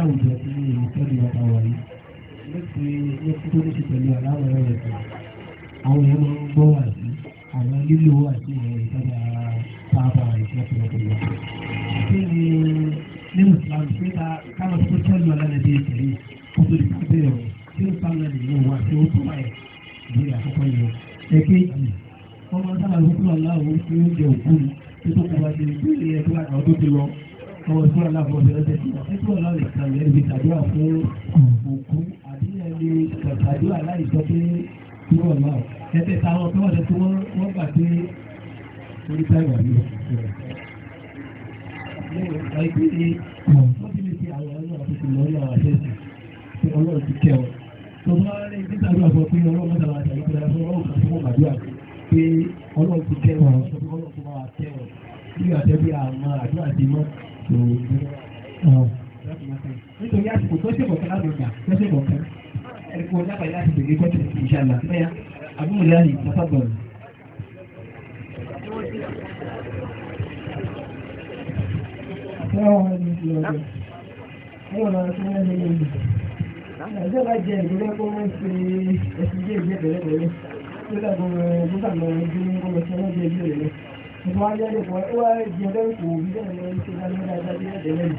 àwùjọ tí ìtọ́jú ọ̀tá wà yìí nípa ní kí tó ní ṣe pẹ̀lú aláwọ̀ ẹ̀rọ ẹ̀kọ́ àwọn èèyàn máa ń gbọ́ wà sí àwọn lílo wà sí ìyẹn ìtajà pàápàá ìṣẹ́ pẹ̀lẹ́pẹ̀lẹ́. kí ni nínú Islam ṣé ká káwọn tó tọ́jú alálẹ́dẹ́ ìtẹ̀lé kó tó di ká bẹ̀rẹ̀ wọn tí ó sáwọn ènìyàn wà tí ó tó báyìí ìbéèrè àkọ́kọ́ yẹn. ẹ̀kẹ́jì wọ́n máa ń sábà lókùn aláwọ̀ tí ó jẹ òkú tó pé òkú àbíyàn lè gbàdúrà láì sọ pé yóò náà ẹ̀tẹ̀ táwọn tó wọ́n tó wọ́n gbà pé orí táìwà ní ọ̀pọ̀ ìpínlẹ̀ wọ́n ti lè fi àwọn ọ̀nà àtúntò lọ́nà àṣẹ́sì tí ọlọ́run ti kẹ́ ọ. tó bá rí títàdúrà sọ pé ọlọ́run mọ́ta máa tàbí pé ọlọ́run kan fún ọ̀gbàdúrà pé ọlọ́run ti kẹ́ wọn sọ pé ọlọ́run tó máa kẹ́ wọn. bí àtẹ́bí àmọ́ àdúrà ti mọ́ nítorí àsìkò tó ṣe bọ̀kẹ́ láti ọjà tó ṣe bọ̀kẹ́ ẹ̀kọ́ lábàáyé láti bèrè gbọ́dọ̀ ìṣàlà mẹ́ya àbúrò láàyè pápábọ̀ọ̀lù. Ìjọba jẹ ìgbélé kó wọ́n ṣe ẹ̀sìn jẹ́ ìgbé bẹ̀rẹ̀bẹ̀rẹ̀. Ó dàgbọ́n nígbà náà ìdí ní ọmọ ìṣẹ́ wọn jẹ́ ìgbé rẹ̀. Ìfọwọ́ ayé ẹ̀dẹ̀kọ́ ó wá jẹ́ ẹ̀dẹ̀kọ́ òbí dẹ̀rẹ̀ lọ́wọ́ ìṣẹ́ wọn ní ọjọ́ ìdẹ̀rẹ̀ lẹ́yìn.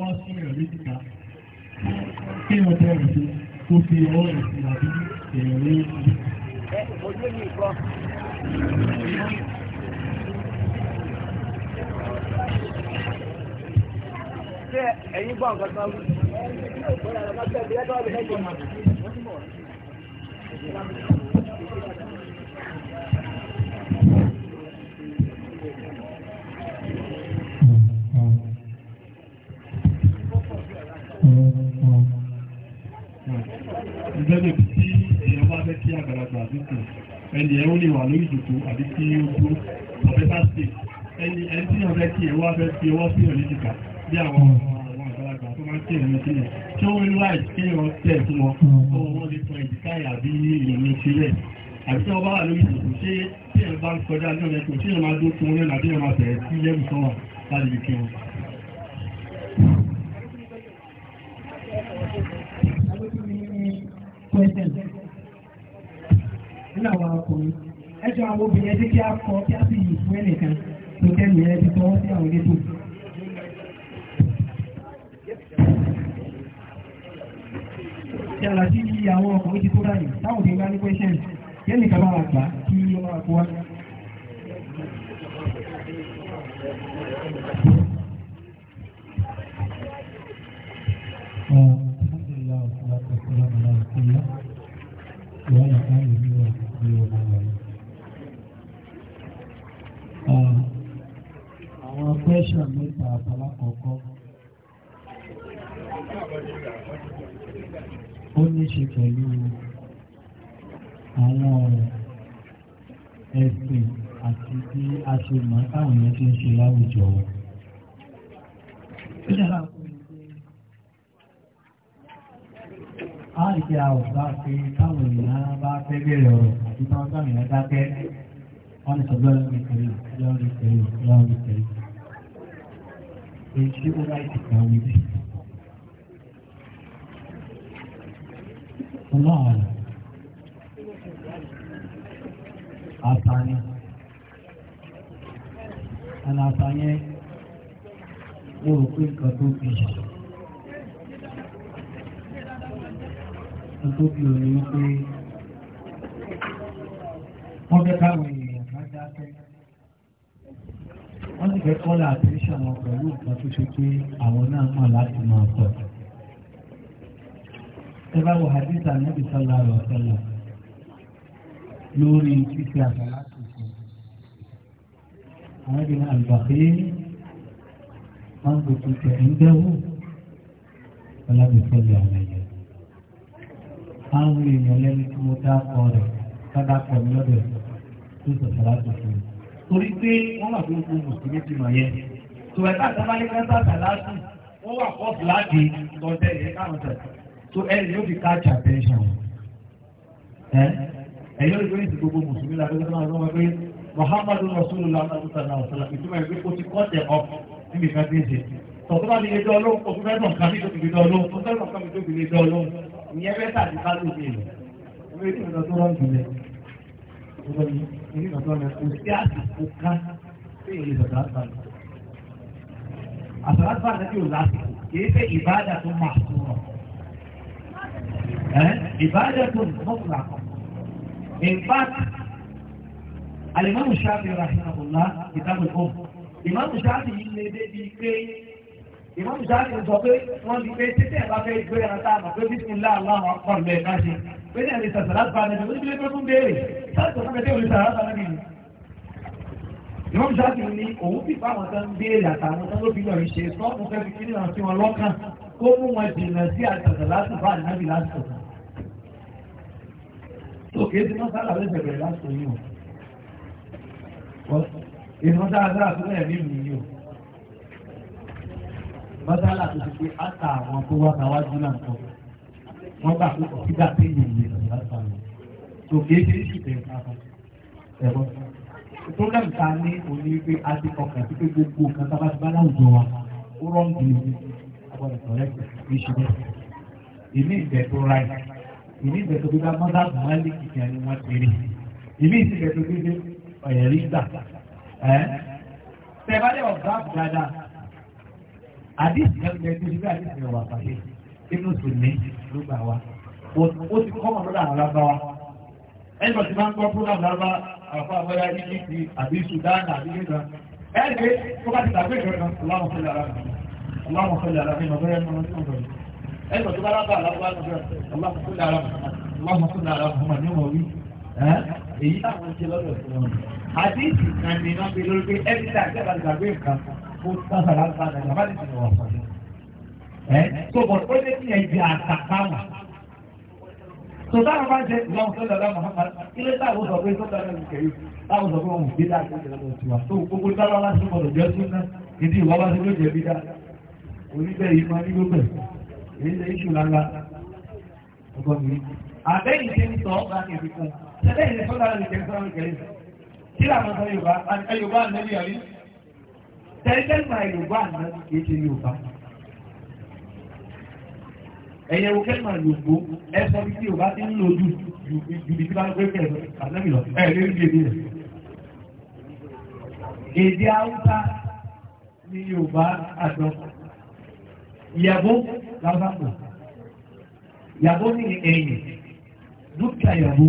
wá sí ẹ̀rọ léjìká kí wọ́n tẹ́ ẹ̀rọ sí tó fi ọwọ́ ẹ̀sìn àbí ẹ̀rọ léjì. Ṣé ẹ̀yin gbọ́ nǹkan kan? ìgbẹ́lẹ̀ tí èèyàn bá fẹ́ kí àgbàlagbà àdúgbò ẹni ẹ̀ ó lè wà lórí ìdòkó àbí kí ó dúró ọ̀fẹ́fà sí ẹni ẹni tí wọ́n fẹ́ kí ẹ̀wọ́ fẹ́ fi ọwọ́ sí ọ̀lẹ́ jìkà bí àwọn àgbàlagbà tó máa ń kí ẹ̀rọ sílẹ̀ tí ó ń láì kí ẹ̀rọ tẹ̀ fún wọn tó hmm. wọ́n lè fọ ìdíkà àbí ìrìn sílẹ̀ àti tí wọ́n bá wà lórí ìdòkó ṣé tí ẹ̀ bá ń kọjá lọ́rẹ̀kọ̀ ṣé ẹ̀ máa dó fún ọ àwọn obìnrin ẹgbẹ́ kí a kọ kí a sì yìí fún ẹnìkan tó kẹ́mì ẹ ti tọwọ́ sí àwọn elétò yàrá sí àwọn ọkùnrin ti tó ráyè táwọn òbí bá ní pẹ́ṣẹ́n kẹ́mì kan máa gbà kí ó máa kó wá Alhamdulillah, wa salatu wa salam ala Rasulillah, wa ala alihi wa sahbihi wa sallam. pẹ́ṣà mẹ́ta àtàlá kọ̀ọ̀kọ́ ó ní ṣe pẹ̀lú àwọn ọ̀rọ̀ ẹ̀sìn àti bí a ṣe mọ̀ táwọn yẹn ti ń ṣe láwùjọ wọn. a lè ṣe àwòbá pé táwọn èèyàn bá fẹ́ bẹ̀rẹ̀ ọ̀rọ̀ àti táwọn táwọn èèyàn dákẹ́ wọ́n lè sọ lọ́rọ̀ mi kiri lọ́rọ̀ mi kiri lọ́rọ̀ mi pé ṣé ó láìsí kan wí sí. Ọlọ́run àtàní ẹ̀nà àtàní mo rò pé nǹkan tó bí nǹkan tó bí òní wípé wọ́n fẹ́ káwọn èèyàn. sì fẹ́ kọ́lá àtẹ́ṣà wọn pẹ̀lú nǹkan tó ṣe pé àwọn náà mọ̀ láti máa sọ. ẹ bá wo hadith anabi sallallahu alaihi wasallam lórí títí àgbàlá tuntun. àwọn ènìyàn àlùbàkì máa ń gbogbo tẹ̀ ń dẹ́wò ọlábìsọ̀lẹ̀ àlàyé. àwọn èèyàn lẹ́nu tí mo dá kọ rẹ̀ sádà pọ̀ lọ́dọ̀ tó sọ̀tàlá tuntun torí pé wọ́n wà fún gbogbo mùsùlùmí ti mọ̀ yẹn. tó ẹ̀ka sábàlẹ̀ kẹta sàlásù wọ́n wà fọ́ fúláàdì tọ́tẹ́ yẹn káwọn tẹ̀. tó ẹ yóò fi catch attention. ẹ ẹ yóò fi ní gbogbo mùsùlùmí la gbẹgbẹ náà lọ́wọ́ pé Muhammadu Rasulullah sallallahu alaihi wasallam ìtumọ̀ ẹ̀ pé o ti kọ́ tẹ̀ ọ́ níbi kan tí ń ṣe. ni ẹjọ́ ọlọ́run kò fẹ́ dùn kàmí tó fi dọ́ ọlọ́run tó fẹ́ dùn kàmí tó fi dọ́ ọlọ́run ìyẹn bẹ́ẹ̀ tàbí ká ló ọ̀dọ́ ni èyí ọ̀dọ́ ni kò sí àsìkò kan tí èyí lọ́dọ̀ àgbàlù. àtàlà àgbà náà yóò lásìkò kìí ṣe ìbáàdà tó máa tó rọ̀. ìbáàdà tó mọ̀kùnlá kan. in fact alimami shafi rahimahullah kitabu al imam shafi yìí lè dé bíi pé imam shafi sọ pé wọ́n ti pé títẹ̀ bá fẹ́ gbé ẹran tá pé bísí pé ní àlèsà sàlábà nàbì oníbílẹ̀ pé fún béèrè sáàtọ̀ fún ẹgbẹ́ òlèsà sàlábà nàbì ni ìwọ́n ṣáàtì ní òun fìfà àwọn tán béèrè àtàwọn tán ló fi lọ ìṣe sọ́ọ̀mù fẹ́ fi kíní àti wọn lọ́kàn kó mú wọn jìnnà sí àtàtà láti bá nàbì láti tó kéé tí bẹ̀rẹ̀ láti wọ́n gbà pé ọ̀sígà tí èèyàn lè lọ láti àwọn tó kéé ṣe ìṣẹ̀lẹ̀ ẹ̀rọ. problem ta ní òní pé a ti ọkàn sí pé gbogbo nǹkan tá a bá ti bá láwùjọ wa ó rọ́ǹdì ní àwọn ìtọ̀lẹ́kọ̀ọ́ ìṣẹ̀lẹ̀ ìní ìbẹ̀ tó ráì ìní ìbẹ̀ tó gbégbá mọ́tà mọ́lì kìkìyà ni wọ́n ti rí ìní ìbẹ̀ tó gbégbé ọ̀yẹ̀rí gbà ẹ́ tẹ̀bálẹ̀ ọ̀gá dáadáa àdìsí ẹgbẹ́ tó ṣe bí àdìsí ẹ̀wà pàdé inú sì ní ló gbà wá ó ti kọ́mọ̀ lọ́dà àwọn lábáwá ẹgbẹ́ ti máa ń gbọ́ program lábá àwọn àbọ́yá Egypt àbí Sudan àbí nígbà ẹgbẹ́ tó bá ti tàbí ìjọ kan láwọn fẹ́lẹ̀ ara mi láwọn fẹ́lẹ̀ ara mi ọ̀bẹ́rẹ́ ẹgbẹ́ tó bá lábá àlábá láwọn fẹ́lẹ̀ ara mi láwọn fẹ́lẹ̀ ara mi ní ọmọ wí èyí táwọn ṣe lọ́dọ̀ sí wọn àdéhùn ìkànnì náà fi lórí pé ẹgbẹ́ tí a jẹ́ ẹ́ tó lé ní ẹ̀jẹ̀ àtàkàwà. sọ̀tàn bá ń ṣe ìlànà sọ́dọ̀ ọ̀la Muhammad ilé táwọn sọ pé sọ́dọ̀ ọ̀la ìkẹyì táwọn sọ pé òun bí dáa tó ṣẹlẹ̀ lọ́wọ́ tiwa tó gbogbo dáwà wá sí gbọdọ̀ jẹ́ sún náà ìdí ìwà wá sí ló jẹ́ bí dáa oníbẹ̀ yìí máa ní gbogbo èyí lè ṣù lára ọgbọ́n mi. àbẹ́yìn ti ń sọ ọ́ kẹ̀kẹ́ fún ṣẹlẹ̀ ìlẹ̀ sọ́dọ̀ ọ̀la ìkẹyì sọ́dọ̀ ọ̀la ìkẹyì kílà sọ Yorùbá Yorùbá àná ẹ̀yẹ wo kẹ́mà yòókù ẹ̀sọ́ bí tí o bá ti ń lò jù jùbí tí bá ń gbé kẹ̀lú àtẹ́mì lọ ẹ̀ lé ní èdè rẹ̀. Èdè Haúsá ni Yorùbá àjọ. Ìyàbó làbàpọ̀. Ìyàbó ní ẹ̀yìn. Dúkìá ìyàbó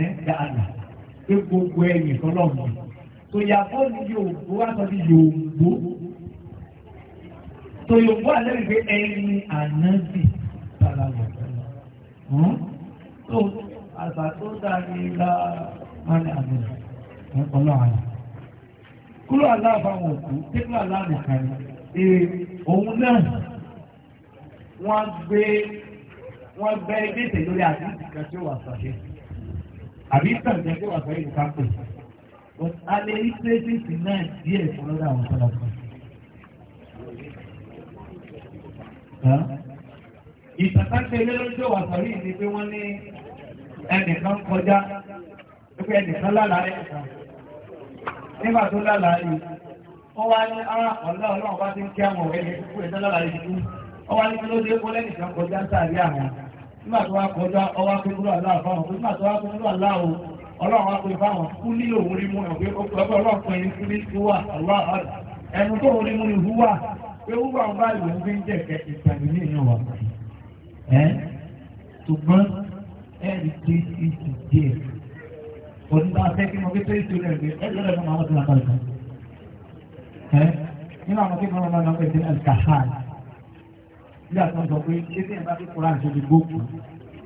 ẹ̀ dáadáa. Pé gbogbo ẹ̀yìn kọ́lọ́ọ̀mù. Tòyàbó ni Yorùbá wá sọ bí Yorùbá tó yóò wà lẹ́yìn pé ẹni ànábì sára lọ sẹ́yìn. tó àgbà tó dáre la máa ní àmì ọlọ́ àná. kúrò aláàbáwọn òkú tẹ́lú aláàbùkà ni èrè òun náà wọ́n gbé wọ́n gbẹ́ ilé ìtẹ̀ lórí àti ìtìkà tí ó wà sàṣẹ́. àbí ìtàn ìjẹ́ tí wà sàṣẹ́ ìtìkà pè. a lè rí pé bíìsì náà díẹ̀ fún lọ́dọ̀ àwọn sọ́dọ̀ kan. ìtàkàtà ilé lọ́jọ́ wà sọ̀rí ní pé wọ́n ní ẹnìkan kọjá pé ẹnìkan lálàá ẹnìkan nígbà tó lálàá yìí wọ́n wá ní ara ah, ọ̀lá ọlọ́run bá ti ń kí àwọn ọ̀rẹ́ ní kúkú ẹ̀dá lálàá yìí kú wọ́n wá ní kí ló dé kó lẹ́nìkan kọjá sáàrí àwọn nígbà tó wá kọjá ọwá pé kúrò àlá àfáwọn nígbà tó wá pé kúrò o ọlọ́run wá pé fáwọn kú nílò òun rí mú ẹ̀ ẹnu tó òun rí mú ni wúwà ewu bá wọn bá lò ń fi ń jẹ̀kẹ́ ìtàgé ní ìyàn wà pàdé. ẹ ṣùgbọ́n ẹ̀rí dé sí ti díẹ̀ òní bá fẹ́ kí mo kí tó ìṣòro ẹ̀gbẹ́ ẹ̀jọ́ rẹ̀ fún àwọn tó lápá ìkan. ẹ nínú àwọn kí wọ́n máa ń pè sí alkahal bí a sọ pé ṣé tí ẹ̀ bá fi kúrò àti ìdìbò kù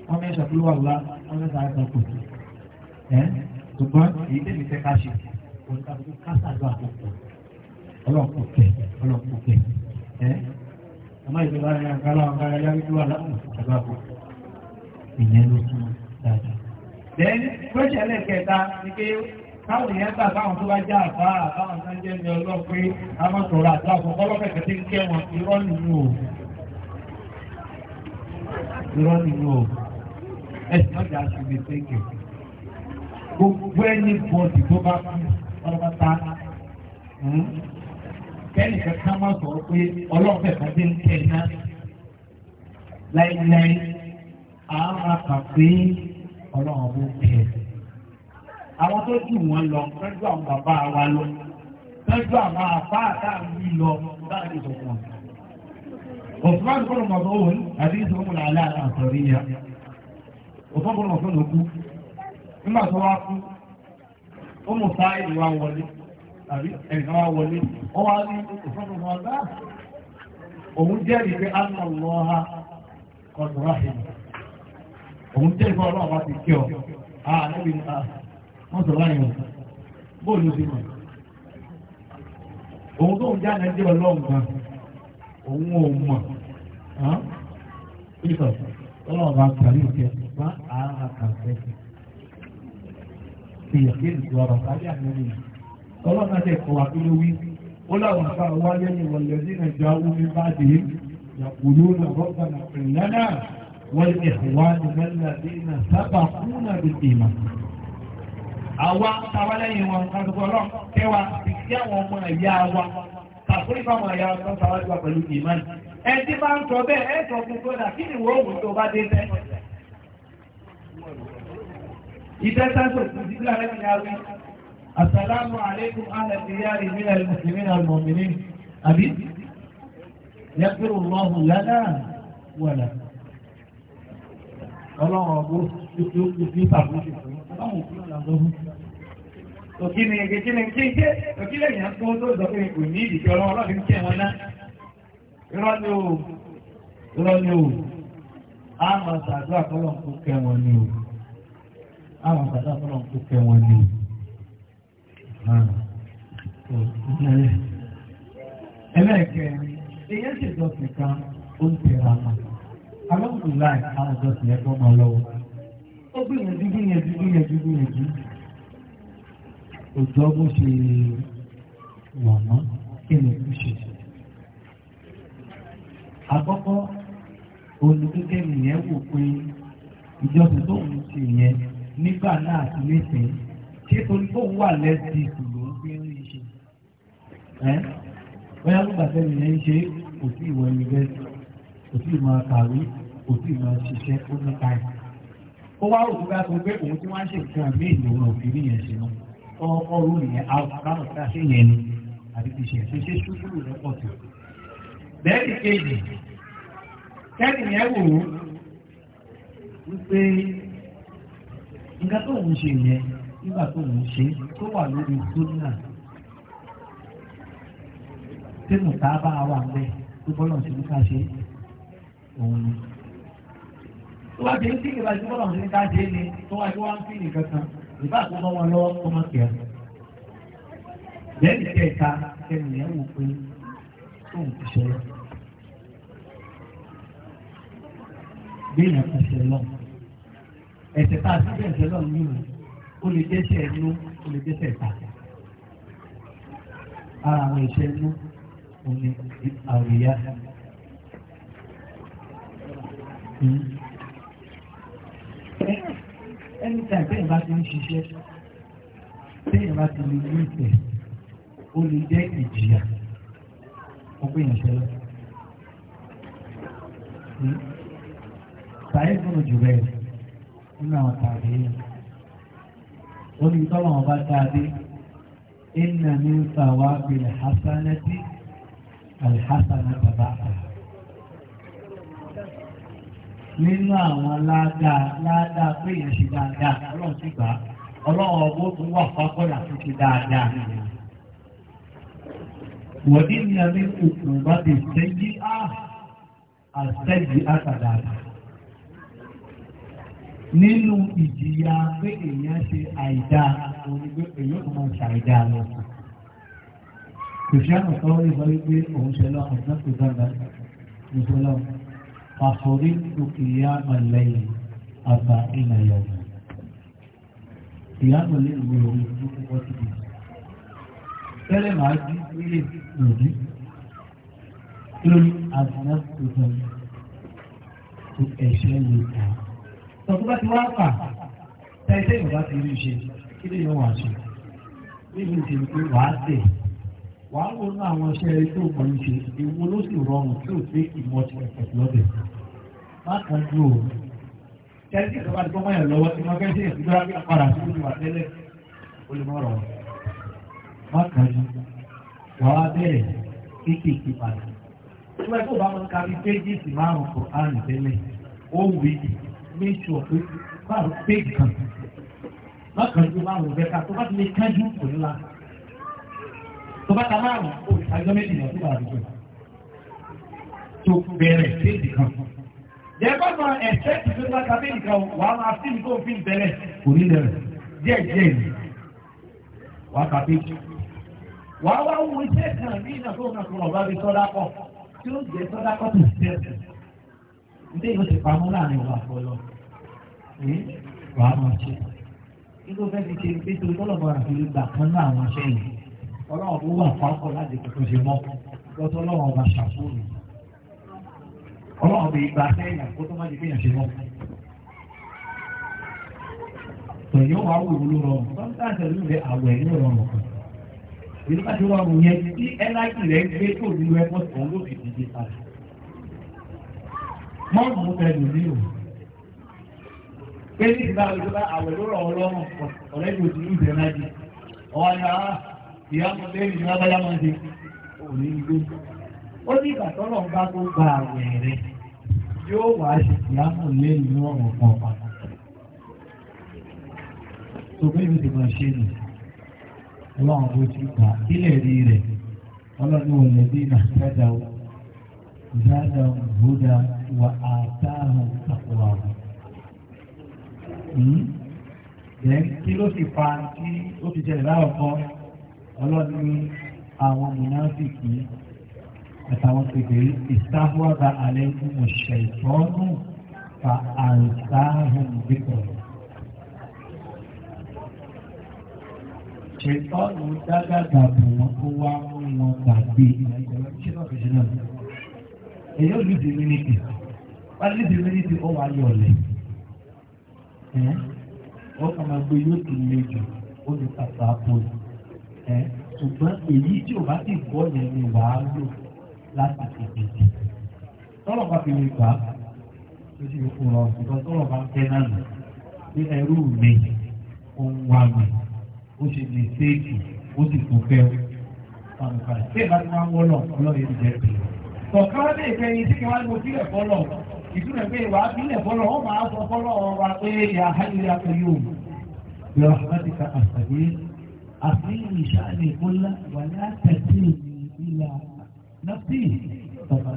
wọ́n mẹ́sàn-án kúrò wà wá wọ́n mẹ́sàn-án àìsàn kù. ẹ ṣùgbọ́n èyí tẹ̀lé fẹ́ ká ṣe òní ká fi kásà lọ àkókò ọlọ́ọ̀kùnkẹ́ ọlọ́ọ̀kùnkẹ́ àmọ́ ìjọba rẹ̀ àgbàlá ọ̀gára yá wípé wà lápùn ìjọba kò ìyẹn ló tún dáadáa. Then question ni pé káwọn èèyàn gbà báwọn tó bá já àbá àbáwọn tó ń jẹ́ ní ọlọ́ pé a máa sọ̀rọ̀ àti àwọn ọlọ́pẹ̀kẹ̀ tí ń kẹ́ wọn irọ́ nínú o. ẹ̀sìn ọjà ṣùgbọ́n ṣèkè gbogbo ẹni bọ́ọ̀dì tó bá kú ọlọ́pàá ta. Hmm? kẹ́ni kankan máa sọ̀rọ̀ pé ọlọ́run fẹ̀fẹ̀ dé ń kẹ́ iná láíláí a máa kà pé ọlọ́run ló kẹ́ àwọn tó jù wọn lọ tọ́jú àwọn bàbá wa lọ tọ́jú àwọn àbá àtàwí lọ láàrin ìṣòwò òṣùwọ́n kọ́ lọ́mọ ọ̀dọ́ òun àti ìṣòwò mọ̀ lálẹ́ àti àtọ̀rí ya òṣùwọ́n kọ́ lọ́mọ ọ̀dọ́ òun kú nígbà tó wá kú ó mú sáà ìlú wọlé àbí ẹ̀yìn wá wọlé wọ́n wá ní òfin ọmọ ọ̀gá òun jẹ́ ìgbé anna lọ́ha ọ̀nà ráhìn òun jẹ́ ìgbé ọlọ́run bá ti kí ọ ààrẹ́bí ní wọ́n sọ láyìn wọn bóòlù ló ti mọ̀ òun tó ń já nàìjíríà ọlọ́run kan òun ò mọ̀ pítọ̀ ọlọ́run bá kàrí òkè bá àárà kàfẹ́ sí ìyàkí ìdùkú ọ̀rọ̀ sábẹ́ àná nìyí ọlọ́nà tẹ̀ kọ̀ àdúró wí ó láwọn àfà wá lẹ́yìn wọ̀lẹ́dí nàìjíríà ó ní bá dé yàgòló nà rọ́bà nà pẹ̀lẹ́nà wọ́n ní ìwà nìmẹ́lá dé nà sábà fún nà lè dèmà. àwa táwa lẹ́yìn àwọn ọmọ Assalamu alaikum ala diyari min al-muslimin al-mu'minin. Àbí? Yaghfiru Allahu lana wa lakum. Ọlọ́run ọgbó tó fi pàbùsù fún. Ọlọ́run kí ọ̀là lọ́wọ́. Òkí ni èké kí ni kí ń ké? Òkí lẹ́yìn á kó tó sọ pé kò ní ìdíkẹ́ ọlọ́run ọlọ́run kí ẹ̀wọ̀n náà. Irọ́ ni o. Irọ́ ni o. A máa ṣàdúrà kọ́lọ̀ ń kó kẹ́ wọn ni o. A máa ṣàdúrà kọ́lọ̀ ń kó kẹ́ wọn ni o ẹlẹ́ẹ̀kẹrin èyí ṣe ìjọsìn kan ó ń tẹ̀ra ma alóhùn láì àwọn ìjọsìn ẹ̀kọ́ máa lọ́wọ́ ó gbìyànjú gbìyànjú gbìyànjú gbìyànjú òjò bó ṣe wà ni kú ṣe àkọ́kọ́ olùkẹ́kẹ́ nìyẹn wò pé ìjọsìn tó ń ṣe yẹn nígbà náà ti lè sẹ́yìn ṣe torí tó wà lẹ́sí ìlú fi ń rí ṣe ẹ́ bóyá nígbà tẹ́lẹ̀ yẹn ń ṣe kò sí ìwọ yunifásitì kò sí ìmọ̀ kàwé kò sí ìmọ̀ ṣiṣẹ́ ó ní káì ó wá òkú bá sọ pé òun tí wọ́n ń ṣe nǹkan mí ìlòrò òfin nìyẹn ṣe mọ́ ọkọ̀ rú nìyẹn àwọn kan ṣe yẹn ni àti ti ṣe ṣe ṣe ṣúgbùrù lọ́pọ̀ tó bẹ́ẹ̀ni kejì kẹ́ni yẹn wò ó wípé nǹkan tó ń ṣe yẹn nígbà tó ń ṣe tó wà lórí gómìnà tẹnu tá a bá wà ń bẹ tó bọ́lọ̀ sí ká ṣe òun ni. tó wá dé sí ìgbà tí bọ́lọ̀ sí ká ṣe ni tó wá tí wọ́n ń fi nìkan kan ìbá tó bọ́ wọn lọ́wọ́ tó má kẹ́ ẹ. lẹ́yìn kẹta kẹrin yẹn wò pé tó ń ṣe lọ. bí èèyàn kan ṣe lọ ẹ̀sẹ̀ tá a ti bẹ̀rẹ̀ lọ nínú ó lè dẹ́ṣẹ̀ inú ó lè dẹ́ṣẹ̀ ìta ara àwọn ìṣẹ́ inú òun ni àríyá ẹni tí àgbẹ̀ bá ti ń ṣiṣẹ́ téèyàn bá ti lè ní ìfẹ́ ó lè jẹ́ ìjìyà ọgbẹ́ yẹn ṣẹlẹ̀. Sàyẹ̀ gbọ́dọ̀ jù bẹ́ẹ̀ nínú àwọn tàbí yẹn orí tọ́lọ̀wọ̀n bá dáadé iná ní ń fa wá bí alhassanati alhassanata bá a nínú àwọn ládàá ládàá pé èèyàn ṣe dáadáa ọlọ́run ti gbà á ọlọ́run ọgbọ́n tó wà fákọ́lá tó ṣe dáadáa wọ́n ní ní abẹ́ òkùnrin bá ti ṣẹ́yí á àṣẹ́yí á nínú ìjìyà pé èèyàn ṣe àìdá orí pé èèyàn kò máa ṣàìdá lọ sí. kìrìsìtánù kan rí sọ wípé òun ṣe lọ ọ̀sán tó dáná nítorí lọ pàṣọrí òkè ìyá àmàlẹ́yìn àgbà ìlàyà ọ̀nà. ìyá àmàlẹ́yìn wo lòun ló kọ́kọ́ ti dì. tẹ́lẹ̀ máa jí nílé lòdì lórí àgbà tó dáná tó ẹ̀ṣẹ́ lè ta tọ̀tún bá ti wá fà tẹ́tẹ́ ìwọ̀n bá ti rí ṣe kí lè yàn wà ṣe nínú ìṣèlú pé wàá tẹ̀ wàá wò ní àwọn iṣẹ́ tó mọ̀ ní ṣe ewu ló sì rọrùn tí ò pé ìmọ̀ ti ẹ̀kọ́ lọ́dẹ̀ má kàn ju o tẹ́tẹ́ ìjọba ti gbọ́mọ̀ yàn lọ́wọ́ tí wọ́n fẹ́ ṣe ìdúrà bí apára tó ti wà tẹ́lẹ̀ ó lè mọ̀ rọ̀ má kàn ju wàá bẹ̀rẹ̀ kéékèèké make sure pé báwo pé gan lọ́kànjú báwo bẹ́ẹ̀ ká tó bá ti lè kájú kò ní la tó bá ta márùn ó àjọ méjì náà tó bá àdúgbò tó bẹ̀rẹ̀ péjì kan. Jẹ́gbọ́n máa ẹ̀fẹ́ ti fi bá tàbí nǹkan wàá máa fi nǹkan òfin bẹ̀rẹ̀ kò ní lẹ̀ díẹ̀ díẹ̀ yìí wàá tàbí. Wàá wá wo iṣẹ́ kan ní ìnáwó náà tó lọ sọ́dá pọ̀ tí ó jẹ́ sọ́dá pọ̀ tó ṣẹ́kù ìdí ìlú ti pamọ́ láàrin ìwà àpọ̀lọ wàá mọ̀ ṣe. Igbó fẹ́ fi ṣe pé torí tọ́lọ̀bọ̀ àti ìgbà kan náà àwọn ṣe yìí. Ọlọ́run tó wà pápọ̀ láti kókó ṣe mọ́ lọ́tọ́ ọlọ́run ọba ṣàkóso. Ọlọ́run bí ìgbà sẹ́yìn kó tó má di bí èèyàn ṣe mọ́. Tòyìn wà wò wúlò rọrùn. Sọ́ńtà tẹ̀lé rẹ̀ àwẹ̀ ní rọrùn kan. Ìlú bá ti rọrùn yẹn tí ẹ láìpì rẹ̀ gbé tó ìlú ẹ mọ́ọ̀mù tẹ̀lú ní o. Pé ní ìgbà òjò bá àwẹ̀ ọ̀rẹ́ náà di. Ah, Ọwọ́ ni ìyá bẹ́ẹ̀ máa di òní igbó. Ó ní ìgbà bá tó gba àwẹ̀ rẹ̀ yóò wá lẹ́yìn ọ̀rọ̀ kan mi ti máa ṣe nù. Ọlọ́run bó ti gbà kílẹ̀ rí rẹ̀. Ọlọ́run ò náà زادهم هدى وآتاهم تقواهم hmm? then kí ló fi fa kí ó fi jẹrẹ láwọn kan ọlọ́ni àwọn mùnáfìkì àtàwọn kékeré ìsáhùwàbà alẹ́ fún ọ̀ṣẹ̀ ìtọ́nù fa àìsáhùn bíkọ̀. ṣètọ́nù dágàgà bù wọ́n kó wá mú wọn gbàgbé ìrìnàjò ṣé náà fi ṣe náà èyí ò lùdì mínítì wọ́n lùdì mínítì ó wà ní ọ̀lẹ́ wọ́n kàn máa gbé yóò tún lé jù ó ní pàtó àpòlù ṣùgbọ́n èyí tí ò bá sì gbọ́ yẹn ni wàá lò láti tètè dì tọ́lọ̀ bá fi lè gbà á ó sì fún ọ ṣùgbọ́n tọ́lọ̀ bá ń fẹ́ náà nù pé ẹrú mi ó ń wá mi ó ṣe lè ṣéèkì ó sì tún fẹ́ ọ́. Tí ìbá ti máa ń wọ́lọ̀ ọlọ́run yóò jẹ́ pèlú kọ̀ọ̀kan wọ́n lè fẹ́ yín sí kí wọ́n á sílẹ̀ fọ́lọ̀ ìtúnẹ̀ pé ìwà sílẹ̀ fọ́lọ̀ wọ́n máa sọ fọ́lọ̀ wa pé ìyá ayé yàtọ̀ yóò yọ àmàdìkà àṣàgbé àfihàn ìṣàlẹ̀ ìkólá wà ní àtẹ̀sí ìlà nọ́ọ̀sì tọ̀tọ̀.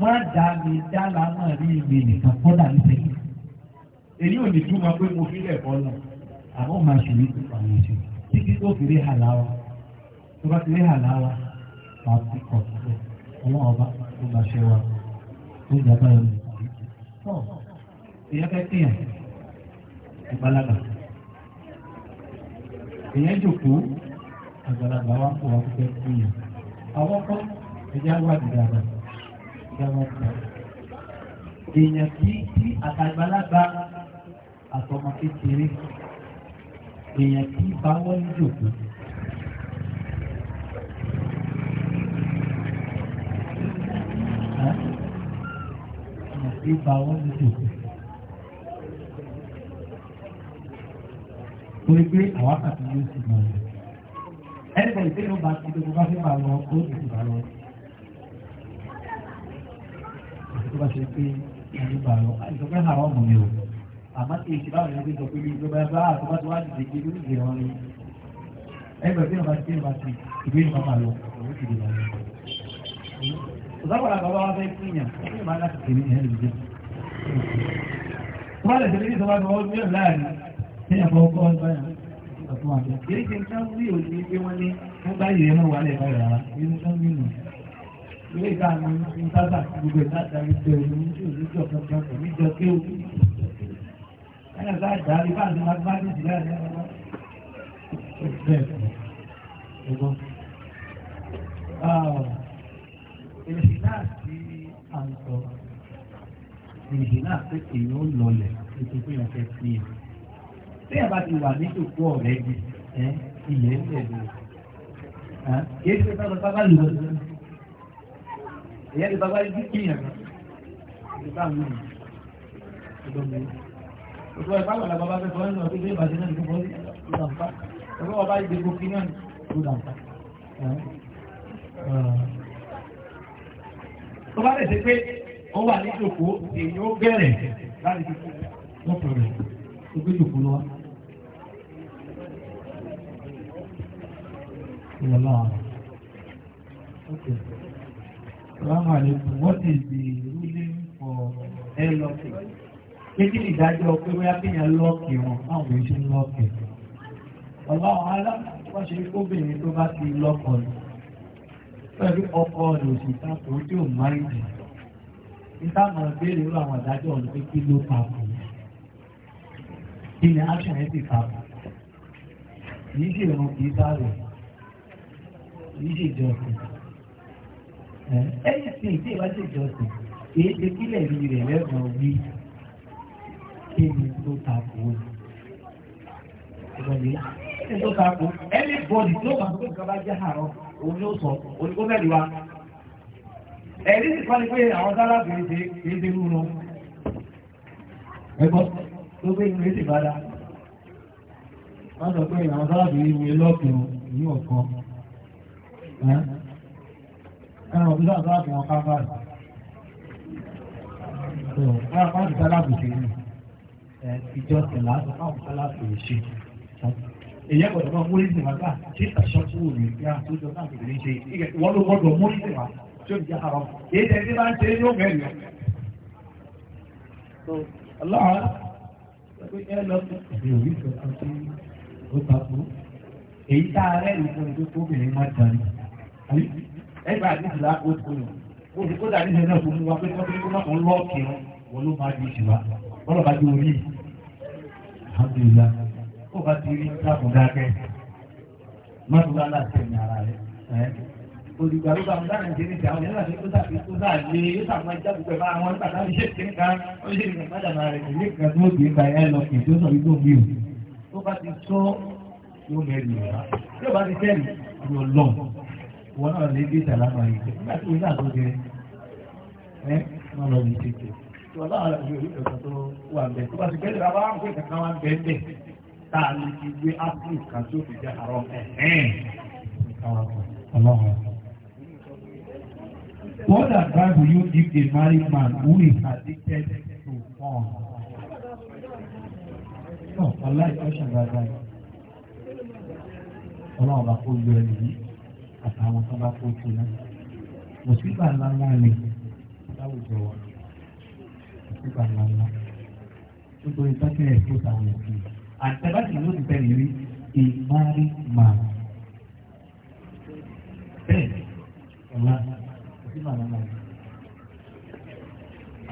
wọ́n dá mi dá lámà rí mi nìkan kọ́dà nísẹ̀yìn. èyí ò ní túmọ̀ pé mo fi lẹ̀ fọ́lọ̀ àmọ́ máa ṣe ní ti kọ̀ sílẹ̀ ọlọ́run ọba tó bá ṣe wa ó jà báyọ̀ ní ìlú. èèyàn fẹ́ kéèyàn ìgbàlagbà èèyàn jòkóó àgbàlagbà wa kó wa fẹ́ kéèyàn. àwọn kan ẹja wà dìdàgbà ẹja wà dìdàgbà. èèyàn kì í kí àtàgbàlagbà àtọmọ kékeré èèyàn kì í bá wọ́n ní jòkóó. ibà wọn ti tò. Torí pé àwọn àti yóò sì máa lọ. Ẹnìkan ìgbé ló bá ti gbogbo bá fi máa lọ ó sì ti bá lọ. Àti tó bá ṣe pé ẹni bá lọ. Àìsàn pé àwọn ọmọ mi ò. Àmọ́ kí èsì báwọn ẹni sọ pé bí ìjọba ẹgbẹ́ àti bá ti wá dìde kí lórí wọn ni. Ẹgbẹ́ bí wọ́n bá ti gbé wọn ti ìgbé wọn máa lọ. Òun ti dè wọn lọ ìsápàdà bàbá wa fẹ́ kíyàn ó máa láti kìíní ẹ̀rù jẹ́ tó bá lè tẹ̀lé ní ìsọ́bá gbọ́ ọdún láàrin ní ẹ̀fọ́ ọkọ̀ ọgbáyà ọ̀tún àti ìrìnkì nǹkan wí ò ní pé wọ́n ní wọ́n bá yìí ẹ̀mọ́ wà lẹ̀ báyìí rárá ní nǹkan wí nù ilé ìta mi ń sábà gbogbo ìta darí pé òun ní ìjọ kankan kò ní jọ pé òun ẹ̀yà bá dà bí bá ti máa bá ní ìdílé àti ẹ̀rọ ìrìnà sí àǹtọ̀ ìrìnà pé èèyàn ń lọlẹ̀ ètò pé èèyàn fẹ́ sí i. bí ẹ bá ti wà ní ìjòkó ọ̀rẹ́ bi ilẹ̀ ń bẹ̀ lọ. kì í ṣe bábá bábá lù lọ sí. ìyá ti bábá yín kí èèyàn kan ti bá àwọn èèyàn ìdọ̀gbọ̀. òtò ẹ̀ báwọn làbá bá fẹ́ sọ ẹ̀ lọ sí ilé ìbàdàn náà ní kò bọ́ọ̀lì ìdàǹfà. ọ̀rọ̀ ọba ìdìbò kí náà ní kò dàǹfà tó bá lè ṣe pé ó wà ní ìjòkó èyí ó bẹ̀rẹ̀ láti fi wọ́n pẹ̀rẹ̀ tó gbé ìjòkó lọ. What is the ruling for airlocking? Kéjì ìdájọ́ pé wọ́n yá kéèyàn lọ́ọ̀kì wọn, báwọn èèyàn ṣe ń lọ́ọ̀kì. Ọlọ́run alá, wọ́n ṣe kóbìnrin tó bá ti lọ́kọ̀ọ́ pẹ̀lú ọkọ rẹ̀ òṣìṣẹ́ kò tí ò máa ń jù ìtàmà béèrè rú àwọn àdájọ́ ọ̀nà pé kí ló pa kù kí ni action ẹ̀ sì pa kù kìí ṣe ìrun kìí sáré kìí ṣe ìjọsìn ẹ̀yìn sí ìdí ìwájú ìjọsìn kìí ṣe kílẹ̀ rí rẹ̀ lẹ́gbọ̀n wí kí ni tó ta kù ó mi ẹni tó ta kù ẹni bọ́ọ̀dì tó wà fún ìjọba jẹ́ àárọ̀ òun ló sọ oníkóbẹ̀lì wa ẹ̀rí sì kọ́ ni pé àwọn sálábì ń ṣe ń ṣe rúnu ẹgbọ́ tó gbé ìwé sì bá dá wọ́n sọ pé àwọn sálábì ń ṣe lọ́ọ̀kì ní ọ̀kan ẹ̀rọ bí sáà sálábì wọn ká bá rẹ̀ ẹ̀rọ sálábì sálábì ṣe ní ìjọsìn láti fáwọn sálábì ṣe èyẹ gbọ́dọ̀ máa mórí sí wàgbà tí àṣọkú rẹ̀ gbá tó jọ náà kò ní ṣe wọ́n ló gbọ́dọ̀ mórí sí wà tí ó jẹ́ ara wọn èyí tẹ̀ ní bá ń ṣe ní òun ẹ̀rọ. aláwa ẹgbẹ́ ẹ lọ sí ìròyìn ìṣọ̀kan tí ó ta kú èyí tá a rẹ́rìí fún ẹjọ́ tó bìnrin máa darí ẹgbẹ́ àdìsí la ó tó yàn ó ti kó dàdí ìṣẹ̀lẹ̀ fún wa pé wọ́n ti kó máa ń lọ́ọ̀kì wọn ló máa di ìṣìwà wọ́n lọ́ ó bá ti rí dáàbò dákẹ́ mọ́tòlá láti ẹ̀yìn ara rẹ̀ olùgbà ló bá ń dá nàìjíríà ti àwọn ìlànà tó dàbí tó dà lé yóò sàmú ẹja gbogbo ẹ̀ máa wọn nígbà táwọn iṣẹ́ ìṣẹ́ nǹkan ó ṣe ìrìn àgbàdà máa rẹ̀ ìlú kan tó gbé ka ẹ lọ kì í tó sọ wípé òun yìí tó bá ti sọ yóò mẹ́rin rẹ̀ yóò bá ti tẹ́lẹ̀ yóò lọ wọn náà lè dé ìtàlámà yìí nígbà tí onígbà tó jẹ ẹ máa lọ ní tètè tó ọlọ́run àlọ́ tá a lè fi gbé ápùlù tó fi jẹ́ àárọ̀ ẹ̀hẹ́n. What advice will you give a married man who is addicted to porn? No, oh, I like question that guy. Ọlọ́run bá kó yọ ẹni yìí àtàwọn tó bá kó tó náà. Mùsùlùmí ńlá ńlá ni láwùjọ wa. Mùsùlùmí ńlá ńlá. Nítorí tákìlẹ̀ ìfúta àwọn òfin àtẹ̀bátì ló ti tẹ̀lé rí ìmárí màá. bẹ́ẹ̀ ọ̀la òsì màá nà máa.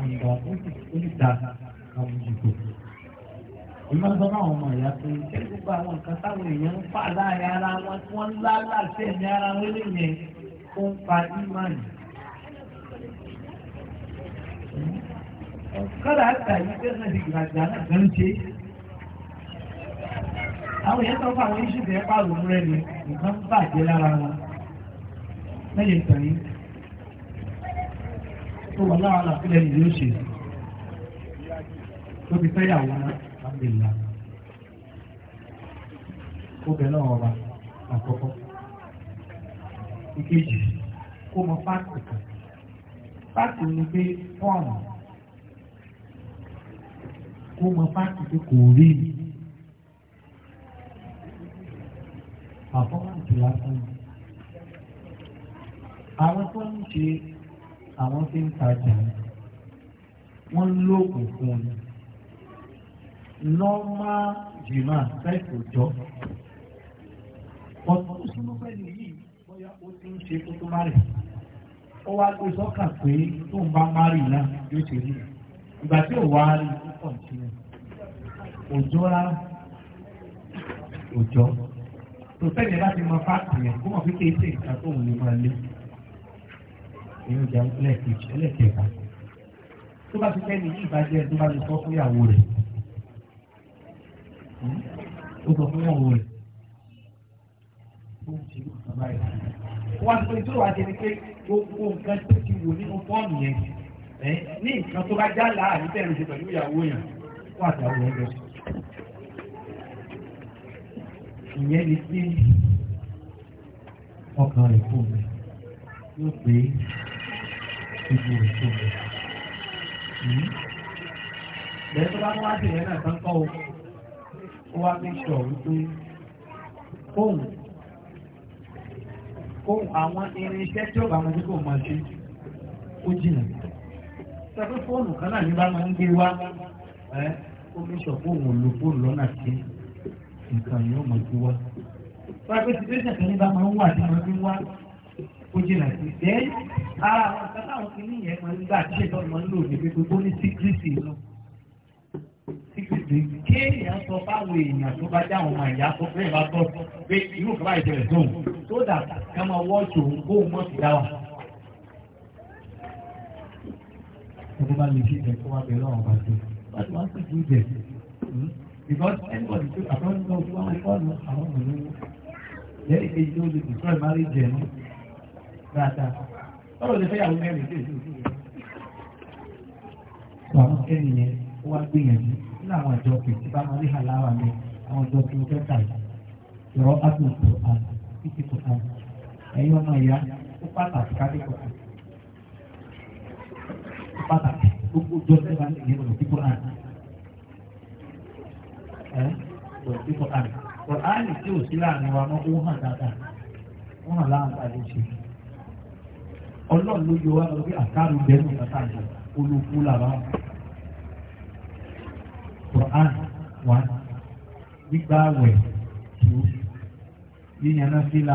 àgbà ó ti ta àwọn ìdìbò. ìmọ̀ sọ fún àwọn ọmọ ìyá pé ṣé gbogbo àwọn nǹkan táwọn èèyàn ń fà láàrin ara wọn tí wọ́n ń lá láti ẹ̀mí ara wọn lè yẹn ó ń pa ìmáàlì. Kọ́lá àtàyí tẹ́sán ti gbàgbà náà kan ṣe é àwọn èèyàn tó fún àwọn iṣu bẹ̀rẹ̀ pààrọ̀ rẹ̀ ni nǹkan bàjẹ́ lára wọn lẹ́yìn ìtàn yìí tó wà láwọn àlàfílẹ̀ ni yóò ṣe tó fi fẹ́ yàwó àmìlà ó bẹ̀ náà ọba àkọ́kọ́ ìkejì kó mọ fáàkì kan fáàkì ni pé fọ́ọ̀mù kó mọ fáàkì pé kò rí mi. pàfọ́mọ̀tì lásán ni àwọn tó ń ṣe àwọn tí ń tajà wọ́n ń lóògùn fún ni nọ́ọ́mà jìmá sẹ́ẹ̀kì òjọ́ ọ̀tún súnmọ́ pẹ̀lú yìí bóyá ó ti ń ṣe kótó má rẹ̀ ó wá gbé sọ́kà pé tó ń bá má rì náà yóò ṣe rí ìgbà tí ò wá rí púpọ̀ nìyẹn òjò rárá òjò tòsẹ́ni láti mọ fáàtì yẹn kó mọ̀ fi ké sí nǹkan tó wù ú máa lé èèyàn jẹun lẹ́ẹ̀kejì ẹlẹ́ẹ̀kẹta tó bá ti fẹ́ni yìí bá jẹ́ tó bá lè sọ fún ìyàwó rẹ̀ hmm? ó sọ fún ìyàwó rẹ̀ ó ti bàbá rẹ̀ wọ́n ti pè tó wà jẹ́ ni pé gbogbo nǹkan tó ti wò nínú fọ́ọ̀mù yẹn ní nǹkan tó bá já láàrin bẹ́ẹ̀ ló ṣe pẹ̀lú ìyàwó yẹn wọ́n àtàwọn ẹ̀ lọ ìyẹn ni pé ọkàn rẹ̀ kò mí yóò gbé ibi rẹ̀ kò mí. Hmm? Bẹ́ẹ̀ tó bá mú wá sí náà tán kọ́ o, ó wá ní sọ wípé kóhùn kóhùn àwọn irinṣẹ́ tí ó bá máa ń kó máa ṣe nǹkan yẹn ó mọ̀ sí wá. pàṣẹ ti pèsè àtẹ̀lé bá máa ń wà tí wọ́n fi ń wá kó jìnà sí i. bẹ́ẹ̀ ara àwọn kan táwọn kìíní yẹn máa ń gbà tí ṣètò ọmọ ń lò ní pé gbogbo ní síkírìsì lọ. síkírìsì kéèyàn sọ fáwọn èèyàn tó bá já àwọn ọmọ ìyá sọ bẹ́ẹ̀ bá tọ́ pé irú kan báyìí tẹ̀lé sóhun tó dà ká máa wọ́ọ̀ṣù òun kóhun mọ́ sí dáwà. ọgbọ́n bá lè ṣe ìjẹ́kọ́ wá bẹ̀rẹ̀ ọ̀rọ̀ bá Because anybody should, I don't know who I call, I don't know. Lẹ́yìn kejì tó lè destroy marriage ẹ̀ ní dáadáa. Bọ́lá òde fẹ́yàwó mẹ́rin tó èso ìṣòro. Sọ àwọn kẹ́ni yẹn ó wá gbìyànjú nínú àwọn ìjọ kìí bá máa rí àláwà mi àwọn ìjọ kìí fẹ́ kà yìí. Ìrọ̀ àtúntò àti títí kò kàn. Ẹ̀yin ọmọ ìyá ó pàtàkì ká dé kò kàn. Ó pàtàkì gbogbo ìjọ sẹ́wà ní ìyẹn lọ́dọ̀ kíkó náà kò sí kọ̀ọ̀kan kọ̀ọ̀kan tí ò sí láàrin wa mọ́ ó hàn dáadáa wọ́n hàn láàrin ta ló ṣe ọlọ́run ló yọ wá lọ bí àkàrò bẹ́ẹ̀ ní kàtà ìjọ olókú làbá kọ̀ọ̀kan wà gbígbà wẹ̀ tó yíyaná sílà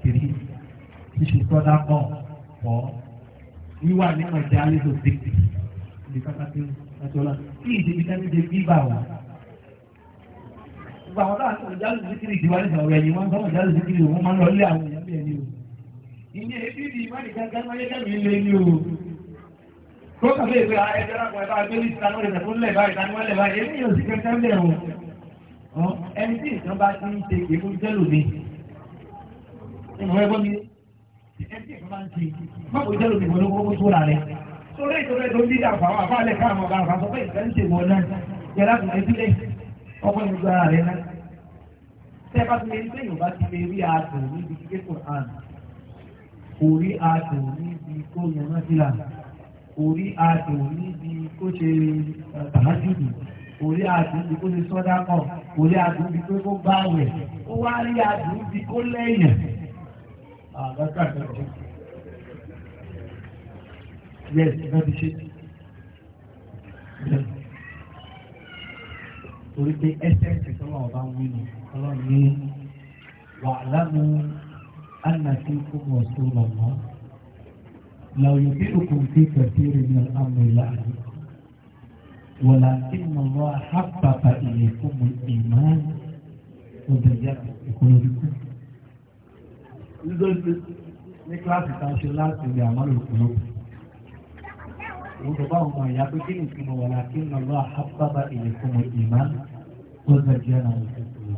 kiri ṣíṣe tọ́dá pọ̀ pọ̀ wíwà nínú ìjà ayé tó dé ibi kátà tó ń tọ́lá kí ìdíbi tẹ́lẹ̀ dé bíbà wà gbogbo àwọn táwọn sọ̀rọ̀ jálù síkìrì ìdíwá ní sọ̀rọ̀ ẹ̀yìn wọn sọ̀rọ̀ jálù síkìrì òun máa ń lọ lé àwọn èèyàn bẹ́ẹ̀ ni o. ìyẹn ebi ni ìmọ̀lì kankan máa yẹ́kẹ́ mi lé ní o. tó kàwé ìwé ẹgbẹ́ rákọ̀ ẹ̀bá gbé ní ìtàn lórí ẹ̀fọ́ lẹ̀ báyìí tani wọ́n lẹ̀ báyìí èmi yóò sì kankan lẹ̀ o. ẹni tí ìtàn bá ti ń ṣe èkó jẹ́lò mi. ìmọ̀ ẹgbọ́n mi ẹni tí ìtàn bá ń ṣe má kò jẹ́lò mi wọlé kókó tó rà rẹ̀. sórí ìtọ́jú ẹ̀dọ́ ń dídà fún àwọn àbá ọkọ̀ ìgbà rẹ̀ náà tẹ́ bá ti lè rí sẹ́yìn bá ti lè rí ààtò níbi kíké Quran kò rí ààtò níbi kó yẹnà sílà kò rí ààtò níbi kó ṣe eh, tàájúdù kò rí ààtò níbi kó ṣe sọ́dá kọ̀ kò rí ààtò níbi pé kó bá wẹ̀ ó wá rí ààtò níbi kó lẹ́yìn. Ah, yes, that is it. Yes torí pé ẹsẹ̀ẹsẹ̀ tọ́lọ̀ ọba ń wínú tọ́lọ̀ ní wà lámú ánàtí fún ọ̀ṣọ́ lọ́mọ́ lọ́yọ̀ bí òkun fi pẹ̀sí rẹ̀ ní àmì ìlànà wọ̀là tí mo lọ àhábàbà ilé fún mi ìmọ̀ ọ̀dọ̀yà ìkọlọ́dúkú. nítorí ní kíláàsì tá ṣe láti rí àmọ́ lòkùnrin òun tó bá ọmọ ìyá pé kí ni ìsinmi wà láti ń lọ àhábàbà ìyẹ̀fun ìmá tó zẹ̀jẹ̀ náà lọ́sẹ̀ tó lọ.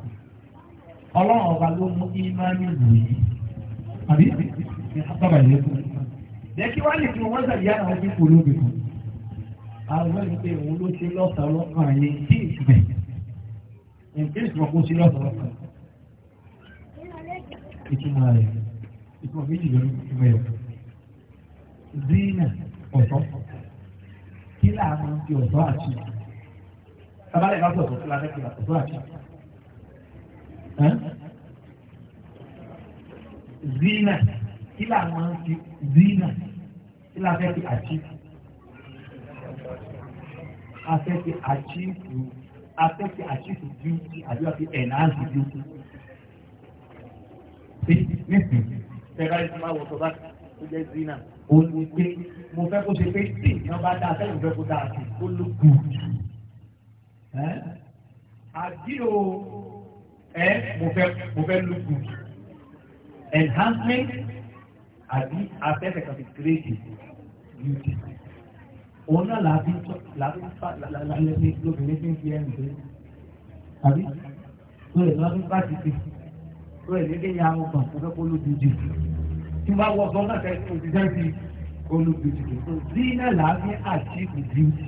ọlọ́run ọba ló mú ìmá ní ìlú yìí àbí àhábàbà ìyẹ̀fun ìmá. jẹ́ kí wá lè fi wọ́n zẹ̀jẹ̀ náà fi kú lóbi kan. àwọn ẹni pé òun ló ṣe lọ́sàá ọlọ́kàn yẹn kí ìsìnkú ìpínlẹ̀ ìtumọ̀ kó ṣe lọ́sàá ọlọ́kàn. ìtumọ̀ rẹ̀ ìtumọ̀ méjì lọ́nà ìtumọ̀ yẹn. zina ọ̀tọ̀ kí láàánú di ọ̀dọ́ àti tabalẹ̀ bá sọ̀rọ̀ fún adé kí ọ̀dọ́ àti zina kí láàánú di zina kí láàánú di àti afẹ́fẹ́ àjíǹkù afẹ́fẹ́ àjíǹkù bíútì àbí wàá fi ẹ̀nàáàzì bíútì. Nísìnyí, ṣẹ̀dá ìsúná wọ̀ tó bá ti ó jẹ́ zina ó ní pé mo fẹ́ kó ṣe pé tí ìyá bá dáa sẹ́yìn fẹ́ kó dáa sí ó ló kù. ẹ mo fẹ́ mo fẹ́ ló enhancement àbí afẹ́fẹ́ kan ti kírètì beauty òun náà làbí làbí làbí lóbìnrin fi ń fi ẹnu dé àbí tó yẹ lọ́dún bá ti fi tó yẹ lédè yà wọn kàn kó fẹ́ kó lójú jù tí wọ́n wọ bọ́ńgà tẹ òṣìṣẹ́ ti olùdókòtò tó sí náà láàbí àti ìdíwùtì.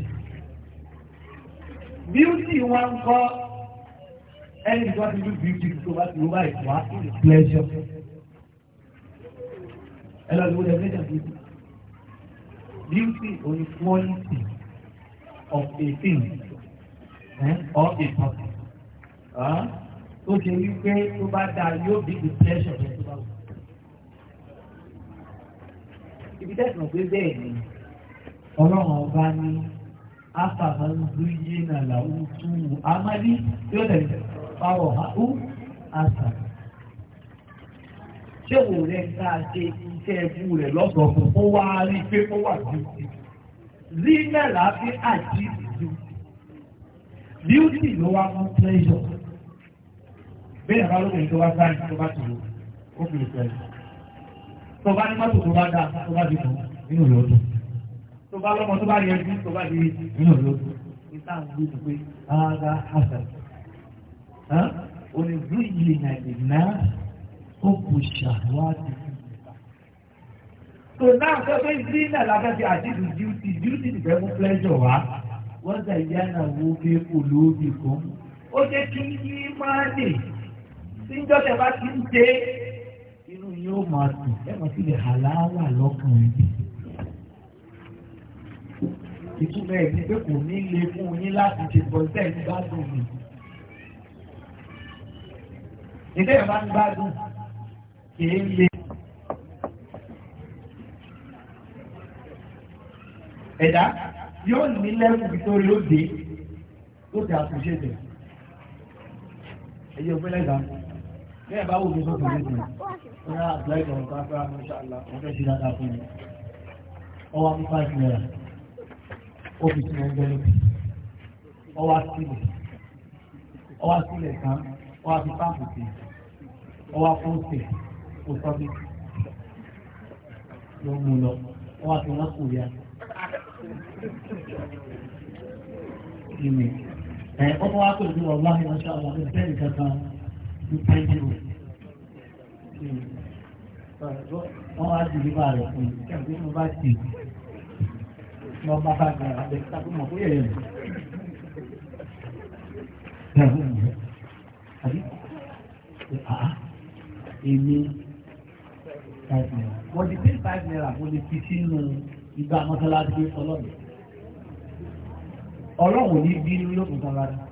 bíútì wa ń kọ́ ẹni tó ti lù bíútì tó bá ti wọ́n báyìí wá pleasure. ẹ lọ sí wọ́n dẹ̀ bíútì. Beauty or the quality of a thing eh? or a person. Ó ṣe wípé tó bá dáa yóò bí the pleasure rẹ̀ tó bá. ibi tẹ́sán pé bẹ́ẹ̀ ni ọlọ́run ọba ní afàmà ń dúyé náà làwọn tú amálí yóò tẹ̀lé pàwọ̀ àhú àṣà. ṣé wò rẹ̀ ká ṣe iṣẹ́ ẹbú rẹ̀ lọ́sọ̀ọ̀sọ̀ kó wá rí i pé ó wà dúdú. rí mẹ́la fi àjí dúdú. beauty ló wá mú pleasure. bẹ́ẹ̀ bá lóde tó wá sáyẹn tó bá ó fi lè pẹ̀lú tó bá ní mọ́tò tó bá dáa tó bá di kù nínú ìlú ọdún tó bá lọ́mọ tó bá yẹ ẹbí tó bá di nínú ìlú ọdún ìta ń gbé pé ara hasan oní bíríyì nàìjíríà ó kò ṣàwádìí tò náà sọ pé zina lábẹ́bí àdìdù díútì díútì nìfẹ́ mú pẹ́jọ wá wọ́n dà yá náà wo bí kò kan ó jẹ́ kí yí máa dè síjọ́ tẹ̀ bá ti ń dé ni ó máa tù ẹ̀mọ́ sí lè hàláwà lọ́kàn rẹ̀. ìtumọ̀ ẹ̀ ni pé kò ní lè fún yín láti ṣe pọ̀ bẹ́ẹ̀ ní gbádùn mi. ìdẹ́ ẹ̀ máa ń gbádùn kìí le. ẹ̀dá yóò ní lẹ́kùn nítorí ó dé ó dé àtúnṣe bẹ̀. ẹ̀yẹ́ ògbẹ́lẹ́gbàá bẹ́ẹ̀ bá wò ní ọdún méjì wọ́n á àgbáyé ọ̀rọ̀ bá fẹ́ àwọn ìṣàlá wọ́n fẹ́ sí dáadáa fún mi ọwọ́ mú five naira ó fi sí ẹgbẹ́ lókè ọwọ́ sílẹ̀ ọwọ́ sílẹ̀ kan ọwọ́ fi páàpù sí ọwọ́ fóńsè kó sọ́bí ló mú lọ ọwọ́ fi wọ́n kù ya ìmì ọmọ wa pẹ̀lú ọlọ́hìn ọ̀ṣọ́ àwọn ọ̀ṣọ́ ìkẹta thank you wọ́n di sí ìbá rẹ̀ fún mi kí mo bá sì lọ bá bá gbà abẹ tàbí mọ̀ fún yẹ̀yẹ̀ àbí èmi wọ́n ti pín five naira mo lè fi sínú ìgbà mọ́sálásí ọlọ́run ọlọ́run ní bí yóò tún sára rẹ̀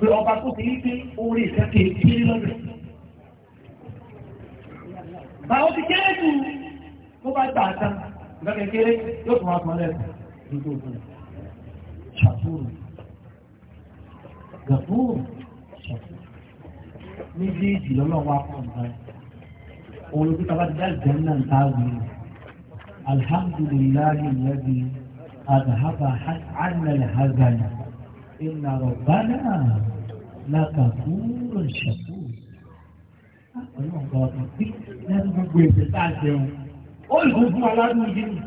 pé ọba tó ti yí pé orí ìfẹ́kẹ̀ kéré lọ́dọ̀. Báwo ti kéré jù tó bá gbà àtà ìfẹ́kẹ̀ kéré yóò tún wá fún ọlẹ́ ìdúró ògùn. Ṣàfúrù. Gàfúrù. Ṣàfúrù. Méjèèjì lọ́lọ́wọ́ apọ̀ nǹkan. Òun ló fi tàbá ti dá ìjẹun náà ta àwọn ènìyàn. Alhamdulillahi alladhi adhaba 'anna iná ọ̀bánà lákàtúrò ṣàkó. Àwọn ọ̀gá ọ̀gá tí lẹ́nu gbogbo èdè tá a jẹun. Ó lè fún aládùn yìí nù.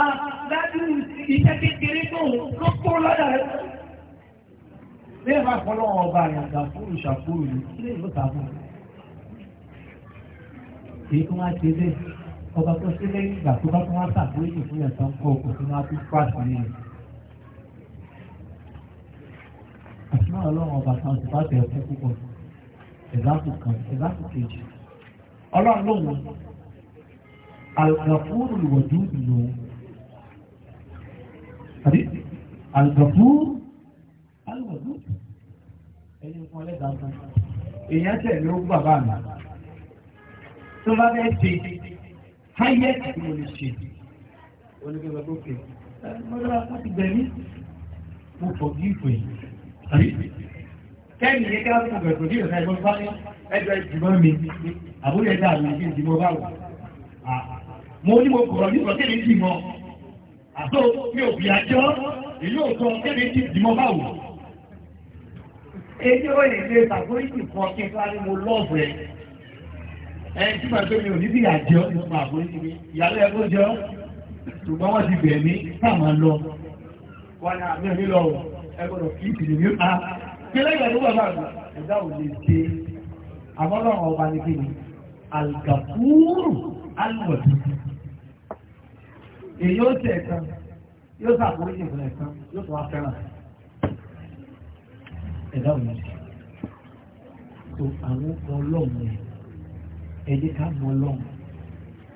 Ah, aládùn iṣẹ́ kékeré tó ló kó lọ́dà rẹ̀. Bí ẹ bá fọlọ́ ọba àyàgbà fúrù ṣàkóso yìí, kí lè ló sàbọ̀? Èyí tó máa ṣe bẹ́ẹ̀, ọba tó ṣe lẹ́yìn ìgbà tó bá tó wá sàbóyè fún ẹ̀sán kọ́ òkú tó máa tún pàṣẹ nìyẹn. náà ọlọ́run ọba kan sì bá tẹ̀ fún púpọ̀ ẹ̀záàpù kan ẹ̀záàpù kejì ọlọ́run lòun àlùgàfúrù ìwọ̀dú ìlú àbí àlùgàfúrù àlùwọ̀dú ẹni fún ọlẹ́dàá kan èèyàn tẹ̀lé ó bàbá mi tó bá fẹ́ ṣe háyẹ́tì tí mo lè ṣe onígbẹ́gbẹ́ lókè ẹ̀ mọ́tò láti bẹ̀rẹ̀ mo fọ̀ bí ìpè yìí. Kẹ́ni ẹjọ́ ìjùmọ́ mi, àbúrò Mo ní mo kọ̀rọ̀ ní ìrọ̀lẹ́ ní ìdìmọ̀. mi ò bí àjọ́, èyí ò sọ kéde ní ìdìmọ̀ bá wù. Èyí ó lè lè tàbórí kì fún ọkẹ́ tó á ní mo lọ́ọ̀bù ẹ̀. Ẹ tí màá tó mi ò ní bí àjọ́ ní mo àbórí kì mí. Ìyàlẹ́ ẹgbọ́n jọ, ṣùgbọ́n wọ́n ẹgbọ́dọ̀ kí ìtìlẹ̀ ní pa kílẹ̀gbẹ̀ ló wà báyìí ẹ̀dá ò lè ṣe àmọ́lọ́ ọba ní kí ni algafúrù alùpàdé èyí ó ṣe ẹ̀kan yóò ṣàforíjì fún ẹ̀kan yóò tún wá ẹ̀dá ò lè ṣe so àwọn ọlọ́run ẹ̀ ẹ̀jẹ̀ ká mọ ọlọ́run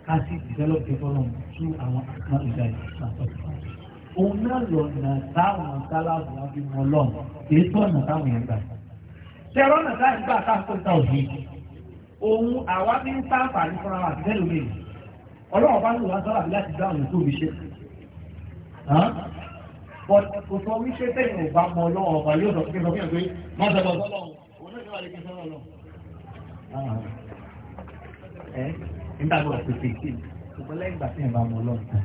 ká sì develop the forum through àwọn account guide and support òun náà lọ̀nà táwọn sálábù wọn fi mọ lọ́nà kì í tó ọ̀nà táwọn yẹn gbà. ṣẹ̀rọ ọ̀nà táwọn gbà káàkiri ta òbí òun àwa fi ń sáfà ní fúnra wa àti mẹ́lòó mi ọlọ́wọ́ bá lù wá sálábù láti dá òun tó fi ṣe kò sọ wípé tẹ̀yìn ò bá mọ ọlọ́wọ́ ọba yóò sọ pé sọ fún ẹ̀ pé má sọ bọ̀ sọ́lọ́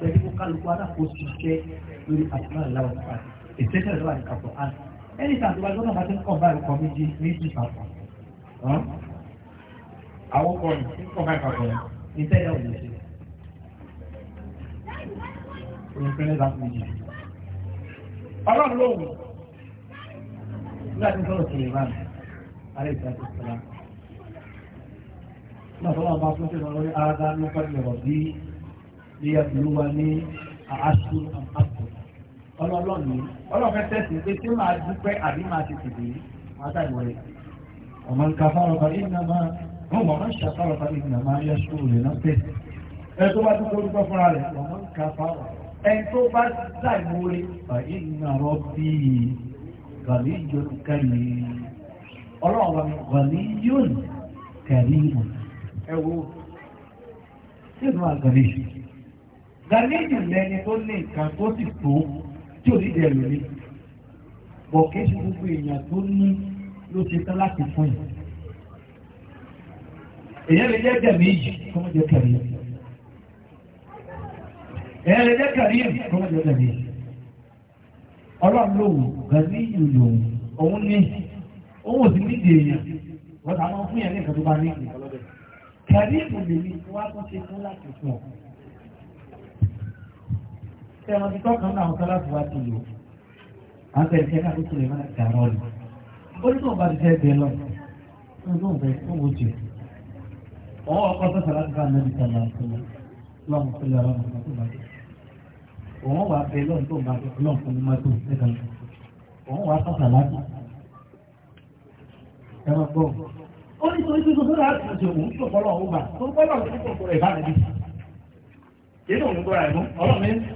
pẹ̀lú kó kálukú alákòóso iṣẹ́ lórí àtúnwá ìlàwọ̀ nípa ìtẹ́sẹ̀ lọ́wọ́ àdìkàpọ̀ án ẹni tàbí wájú náà bá ti ń kàn bá ẹ̀kọ́ méjì méjì papọ̀ àwọn kọ̀ ní kọ̀ bá ẹ̀kọ́ bọ̀ ní tẹ́lẹ̀ òun ṣe òun fẹ́lẹ́ bá fún mi. ọlọ́run lóhùn nígbà tí sọ̀rọ̀ sọ̀rọ̀ ìmáà alẹ́ ìtàkì sọ̀rọ̀ náà sọ̀rọ̀ bá fún mi lọ́wọ́ ní ẹ̀fìlúwa ní àásù àpapọ̀ ọlọ́ọ̀lọ́ọ̀ni ọlọ́ọ̀fẹ́ tẹ̀sí pé tí máa dúpẹ́ àbí máa ti tìbí látàgbọ̀ rẹ̀ ọmọ nǹkan fáwọn ọkọ̀ nínú máa wọ́n wọ́n máa ń ṣàfáwọn ọkọ̀ nínú máa yẹ sùúrù rẹ̀ náà tẹ̀sí ẹ tó bá dúpẹ́ orúkọ fúnra rẹ̀ ọmọ nǹkan fáwọn ẹni tó bá dàgbóore fàyínà rọ́bì gàlíyòn kẹlì ọlọ́run wa ni gàlíyòn kẹlì ẹ̀wọ̀ ṣé ìlú àgàlíyòn Gàlíjù lẹni tó ní nǹkan tó sì tó tí ò ní dẹ̀rù ni. Bọ̀kẹ́ ṣe gbogbo èèyàn tó ní ló ṣe tán láti fún yìí. Èèyàn lè jẹ́ dẹ̀mí yìí kó má jẹ́ kẹ̀rí. Èèyàn lè jẹ́ kẹ̀rí yìí kó má jẹ́ kẹ̀rí. Ọlọ́run lòun, Gàlíjù lòun, òun ní, òun ò sì nídìí èèyàn. Wọ́n ta máa fún yẹn ní nǹkan ní ìgbà. Kẹ̀rí ìbùdó ni wọ́n á tún ṣe fún láti tẹ́wọ́n ti tọ́kàn náà àwọn kálá fún wa ti lò àwọn bẹ̀rẹ̀ tẹ́ káàkiri tó lè má dà lọ rẹ̀ ó ní tó ń bá ti fẹ́ bẹ lọ tó ń bẹ tó ń wojì ọwọ́ ọkọ̀ tó sàlá ti bá nàbì sàlá tó lọ́mù tó lọ́mù tó lọ́mù òun wà bẹ lọ́n tó ń bá tó lọ́n fún má tó nígbà yẹn òun wà tó sàlá ẹ máa gbọ́ ó ní tó ń tó tó láti ṣe òun tó kọ́ lọ́wọ́ wà tó kọ́ lọ́wọ́ tó kọ́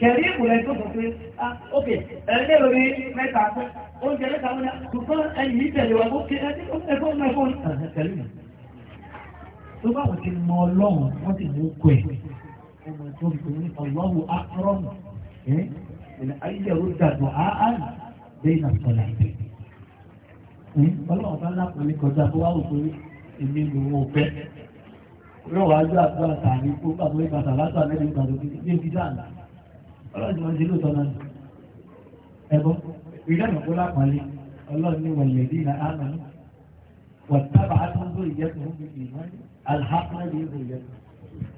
kẹ̀lé ìmùlẹ̀ tó sọ pé ah, ok ẹ̀lẹ́ lórí mẹ́ta fún oúnjẹ mẹ́ta wọn ni ṣùgbọ́n ẹni yìí tẹ̀lé wa ókè ẹgbẹ́ ọmọ ẹ̀fọ́ tẹ̀lé mi. tó bá wọn ti mọ ọlọ́run wọ́n ti mú kọ ẹ̀ ọmọ tó ń pè ní ọlọ́run akọrọ́mù ẹ̀ ayélujára dàgbọ́ àánú bẹ́ẹ̀ náà sọ̀rọ̀ àìpẹ́. ọlọ́run bá lápẹ̀lẹ́ kọjá tó wá wò pé èmi ló wọ́n fẹ́ lọ́wọ́ ajọ́ àgbà tàbí kó bàbá ìbàdàn látàlẹ́ ìbàdàn ní ìbí dáadáa ọlọ́run wọn ti lóòótọ́ náà ẹ̀bọ́ ìdáná kó lápàlẹ́ ọlọ́run ní wọ̀nyẹ̀ bí na ámà ní wọ̀tábà àtúntò ìjẹ́kùn fún bíbí ìmọ̀ alhàkùnrin ní ìbò ìjẹ́kùn.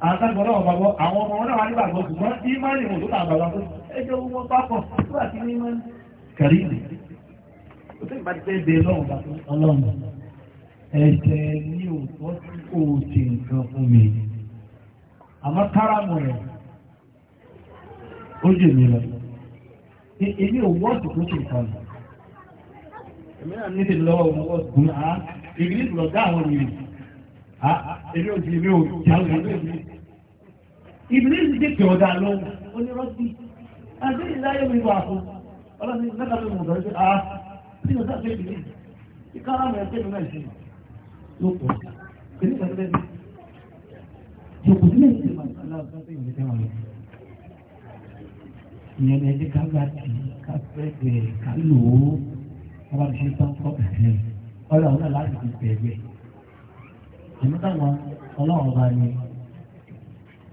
àtàgbọ̀n náà bàbọ̀ àwọn ọmọ wọn náà wà nígbàgbọ́ ṣùgbọ́n bí má ní ìmọ̀tò náà bàbá fún ẹjọ́ wọn bá pọ̀ tó àti ní má kàrí ìlú. òtún ìbá ti fẹ́ bẹ lọ́run bàbá ọlọ́run ẹ̀jẹ̀ ní òótọ́ tí kò ṣe nǹkan fún mi àmọ́ káràmù rẹ̀ ó lè mi lọ e, èmi ò wọ́ọ̀dù tó ṣe nǹkan lọ èmi náà ní tèmi lọ́wọ́ ọmọ wọ́ọ̀dù ní àá èmi ní ìlọ̀dá àwọn mi èmi ò jẹ́ èmi ò jẹ́ àwọn èmi ìbílẹ̀ ìlú jẹ́ ọ̀dà lọ ó ní rọ́bì àti mi wà fún ọlọ́sìn mẹ́ta ló mọ̀ sọ́jọ́ àá sí ọ̀sán tó ìbílẹ̀ ìkára mi ẹgbẹ́ mi náà ṣe ló pọ̀ èmi ìyẹn ní ẹjẹ́ ká gbà tì í ká pẹ́ẹ́gbẹ́ ká lò ó wọ́n bá fi tán kọ́ ẹ̀hẹ́ ọ̀rẹ́ ọ̀rẹ́ láti fi pẹ̀gbẹ́. àmì táwọn ọlọ́run ọba ni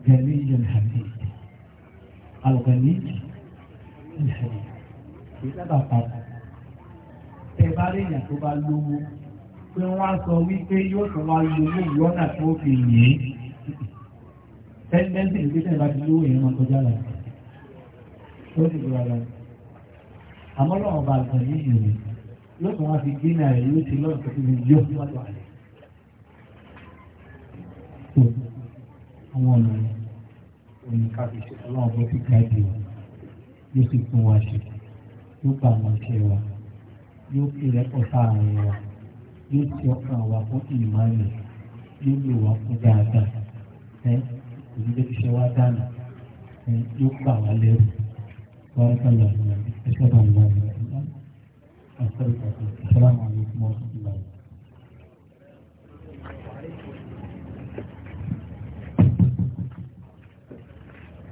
gẹ̀ẹ́lì yẹn hàbí alùpàdé ìṣẹ̀lẹ̀ kìí sábà padà. ẹ bá rí èèyàn tó bá lówó pé wọ́n á sọ wípé yóò tún wá lówó ìyọ́nà tó fi yé. ẹgbẹ́ gbé sẹ́yìn bá ti lówó ìyẹn máa kọjá láti ó sì gbọ́ra dáa àmọ́ lọ́wọ́ bá gbọ̀n ní ìrìn lọ́sùn wọn fi dínà rẹ̀ yóò ti lọ́rùn tó fi yọ lọ́dọ̀ àlẹ́ àwọn ọ̀nà oníkàbíṣe ọlọ́run bó ti gáàdì wa yóò sì fún wa ṣe yóò bá wọn ṣe wa yóò fi rẹ́pọ̀ sáàárín wa yóò ti ọkàn wa fún ìmáàlì yóò lò wá fún dáadáa ẹ kò lè fi ṣe wá dáná yóò gbà wá lẹ́rù. barakallahu lakum assalamu alaikum warahmatullahi wabarakatuh assalamu alaikum warahmatullahi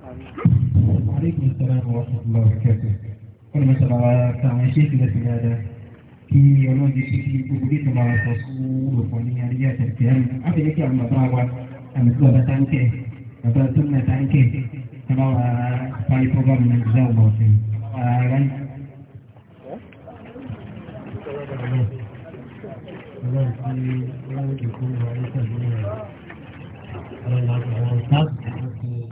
wabarakatuh assalamu warahmatullahi wabarakatuh kami mencabar sama syekh sudah tidak ada di ulun di sisi itu budi sama sosu rupani hari ya terkian apa yang kita mahu tahu dan sudah datang ke apa tu nak datang ke kalau kali program yang jauh bosin kan Kalau di kalau di kalau